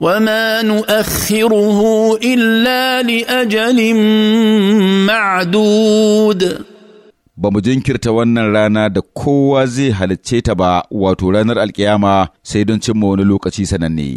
وما نؤخره الا لاجل معدود ba mu jinkirta wannan rana da kowa zai halicce ta ba wato ranar alkiyama sai don cimma wani lokaci sananne